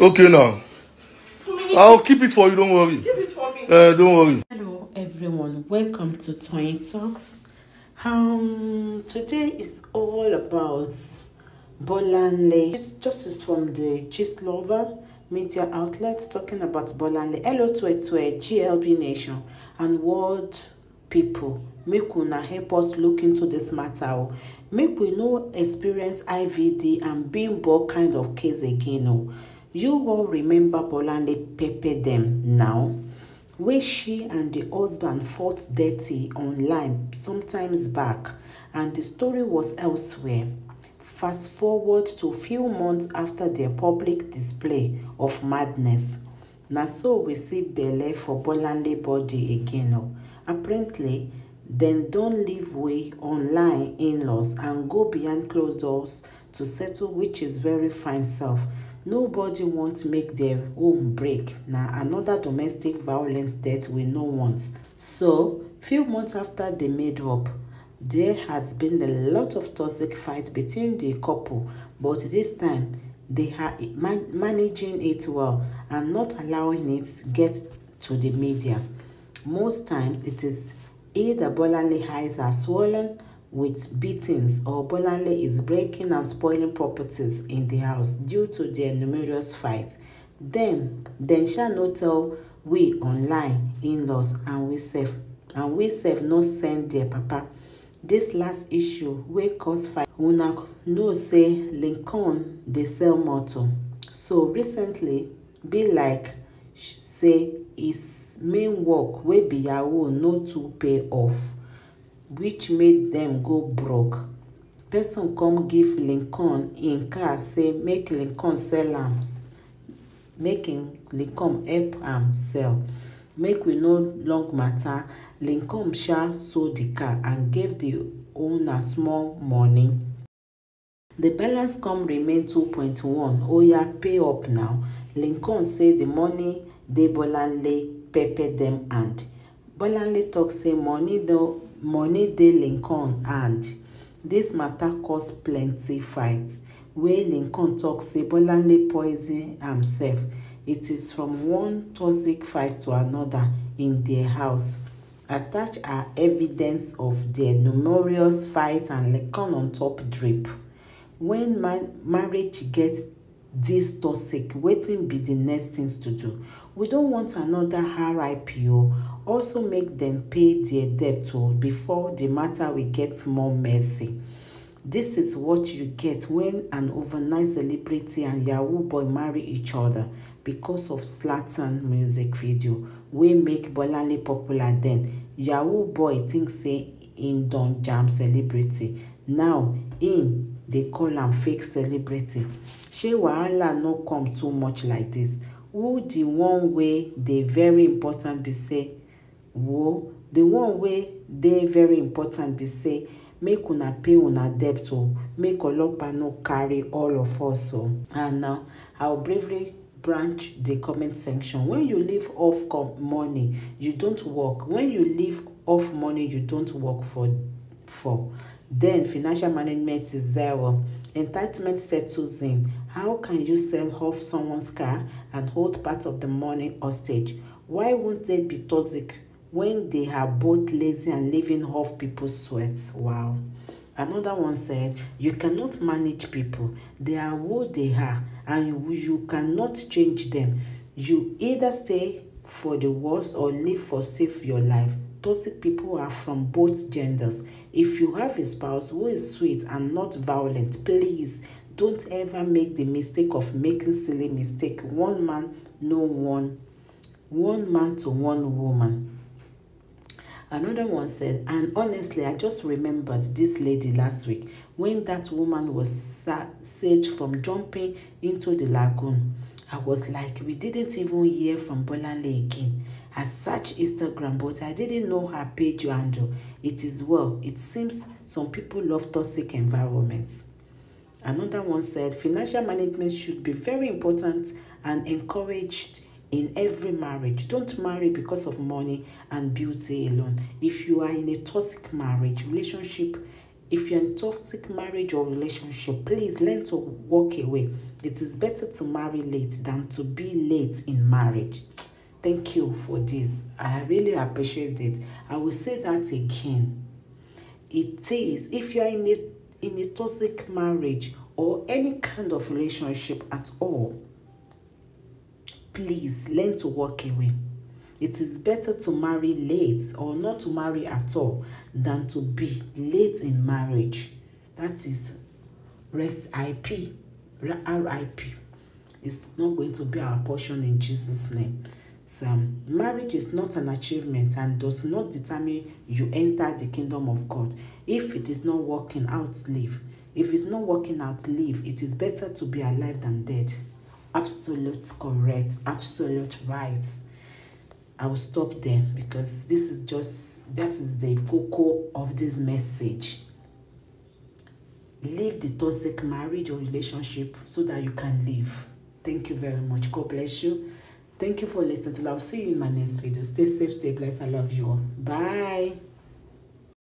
Okay now. I'll keep it for you, don't worry. Keep it for me. Uh, don't worry. Hello everyone, welcome to Toyeen Talks. Um, today is all about Bolanle. This just is from the Gist Lover media Outlet talking about Bolanle. Hello to it to a GLB Nation and world people. Make una help us look into this matter. Make we no experience IVD and bimbo kind of case again. Oh. You all remember Bolande Pepe them now, where she and the husband fought dirty online sometimes back and the story was elsewhere. Fast forward to few months after their public display of madness. now so we see belle for Bolande body again. Oh. Apparently, dem don't leave way online in-laws and go behind closed doors to settle which is very fine self. nobody wants make their home break now. Another domestic violence death we no want so few months after they made up there has been a lot of toxic fight between the couple but this time they are man managing it well and not allowing it to get to the media most times it is either Bolanle eyes are swollen with beatings or Bolanle is breaking and spoiling properties in the house due to their numerous fights. Then, then shall not tell we online in-laws and we sef and we sef no send their papa. This last issue wey cause fight. Una no say Lincoln they sell motor. So recently, be like say his main work wey be Yahoo no to pay off which made dem go broke person come give lincoln in car say make lincoln sell am making lincoln help am sell make we no long matter lincoln sha sold the car and gave the owner small money the balance come remain two point one oya pay up now lincoln say the money dey bolanle pepper dem hand bolanle talk say money though money dey lincoln hand dis mata cause plenty fight wey lincoln tok say bolanle poison amsef it is from one toxic fight to anoda in dia house attached are evidence of dia numerous fights and lincoln on top drip wen marriage get dis toxic wetin be di next tins to do we don want anoda rip o also make them pay their debt before the matter will get more messy. This is what you get when an overnight celebrity and Yahoo boy marry each other because of Slatan music video We make Bolale popular then. Yahoo boy thinks say in don jam celebrity. Now in they call him fake celebrity. She wahala no come too much like this. Who the one wey dey very important be say Well, the one way dey very important be say make una pay una debt o make olopa no carry all of us o and now i will briefly branch the comment section when you leave off com money you don't work when you leave off money you don't work for for then financial management is zero entitlement settles in how can you sell off someone's car and hold part of the money hostage why won't they be toxic when they are both lazy and living off people's sweats. Wow. Another one said, You cannot manage people. They are who they are, and you, you cannot change them. You either stay for the worst or live for save your life. Toxic people are from both genders. If you have a spouse who is sweet and not violent, please don't ever make the mistake of making silly mistake. One man, no one. One man to one woman. Another one said, and honestly, I just remembered this lady last week when that woman was sa saved from jumping into the lagoon. I was like, we didn't even hear from Bolanle again. I searched Instagram, but I didn't know her page handle. It is well. It seems some people love toxic environments. Another one said, financial management should be very important and encouraged in every marriage. Don't marry because of money and beauty alone. If you are in a toxic marriage, relationship, if you're in toxic marriage or relationship, please learn to walk away. It is better to marry late than to be late in marriage. Thank you for this. I really appreciate it. I will say that again. It is, if you are in a, in a toxic marriage or any kind of relationship at all, Please learn to walk away. It is better to marry late or not to marry at all than to be late in marriage. That is rest IP, RIP. It's not going to be our portion in Jesus' name. So, marriage is not an achievement and does not determine you enter the kingdom of God. If it is not working out, leave. If it's not working out, leave. It is better to be alive than dead absolute correct, absolute right. I will stop there because this is just, that is the cocoa of this message. Leave the toxic marriage or relationship so that you can live. Thank you very much. God bless you. Thank you for listening till I'll see you in my next video. Stay safe, stay blessed. I love you all. Bye.